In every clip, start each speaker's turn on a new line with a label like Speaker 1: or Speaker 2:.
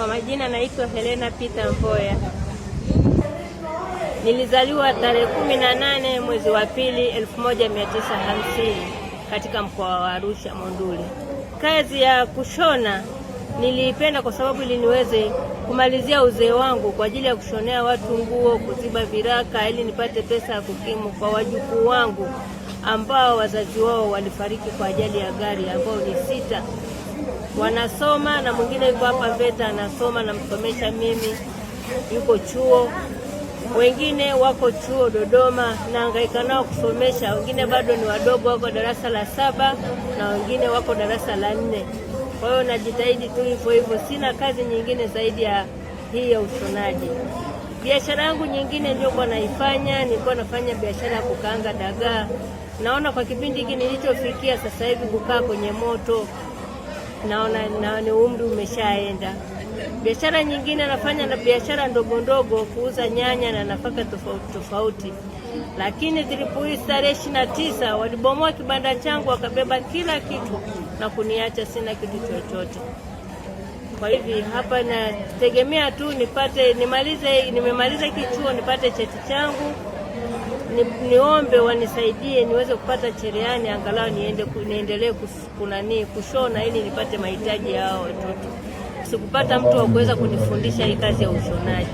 Speaker 1: Kwa majina naitwa Helena Peter Mboya. Nilizaliwa tarehe kumi na nane mwezi wa pili elfu moja mia tisa hamsini katika mkoa wa Arusha Monduli. Kazi ya kushona niliipenda kwa sababu ili niweze kumalizia uzee wangu kwa ajili ya kushonea watu nguo, kuziba viraka ili nipate pesa ya kukimu kwa wajukuu wangu ambao wazazi wao walifariki kwa ajali ya gari ambao ni sita wanasoma na mwingine yuko hapa VETA anasoma, namsomesha mimi, yuko chuo. Wengine wako chuo Dodoma, nahangaika nao kusomesha. Wengine bado ni wadogo, wako darasa la saba na wengine wako darasa la nne. Kwa hiyo najitahidi tu hivyo hivyo, sina kazi nyingine zaidi ya hii ya ushonaji. Biashara yangu nyingine niliyokuwa naifanya, nilikuwa nafanya biashara ya kukaanga dagaa. Naona kwa kipindi hiki nilichofikia sasa hivi, kukaa kwenye moto naona na ni umri umeshaenda. Biashara nyingine anafanya na biashara ndogo ndogo, kuuza nyanya na nafaka tofauti tofauti, lakini zilipoisha tarehe ishirini na tisa walibomoa kibanda changu, wakabeba kila kitu na kuniacha sina kitu chochote. Kwa hivi hapa nategemea tu nipate nimalize, nimemaliza kichuo nipate cheti changu ni, niombe wanisaidie niweze kupata cherehani angalau niende niendelee kunanii kushona ili nipate mahitaji ya hao watoto. Sikupata mtu wa kuweza kunifundisha hii kazi ya ushonaji.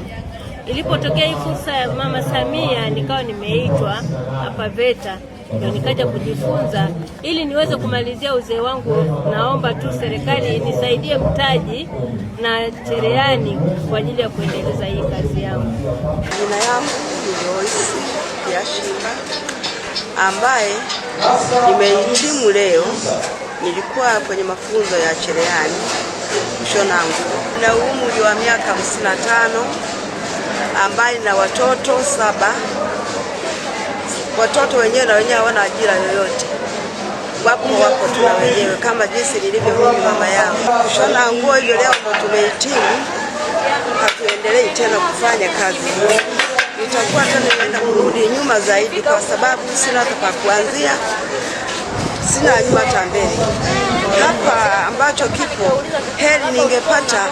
Speaker 1: Ilipotokea hii fursa ya Mama Samia, nikawa nimeitwa hapa VETA ndio nikaja kujifunza ili niweze kumalizia uzee wangu. Naomba tu serikali nisaidie mtaji na cherehani kwa ajili ya kuendeleza hii kazi yangu.
Speaker 2: Jina yangu Kashipa ambaye nimehitimu leo. Nilikuwa kwenye mafunzo ya cherehani kushona nguo na umri wa miaka 55, ambaye na watoto saba. Watoto wenyewe na wenyewe hawana ajira yoyote, wapo wako tu na wenyewe kama jinsi nilivyo mimi mama yao. Kushona nguo hivyo leo ndo tumehitimu, hatuendelei tena kufanya kazi nitakuwa tena naenda kurudi nyuma zaidi, kwa sababu sina hata pa kuanzia, sina nyuma hata mbele. Hapa ambacho kipo heri, ningepata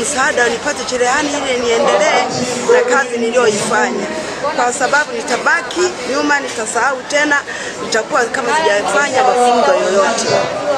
Speaker 2: msaada, nipate cherehani ile niendelee na kazi niliyoifanya, kwa sababu nitabaki nyuma, nitasahau tena, nitakuwa kama sijafanya mafunzo yoyote.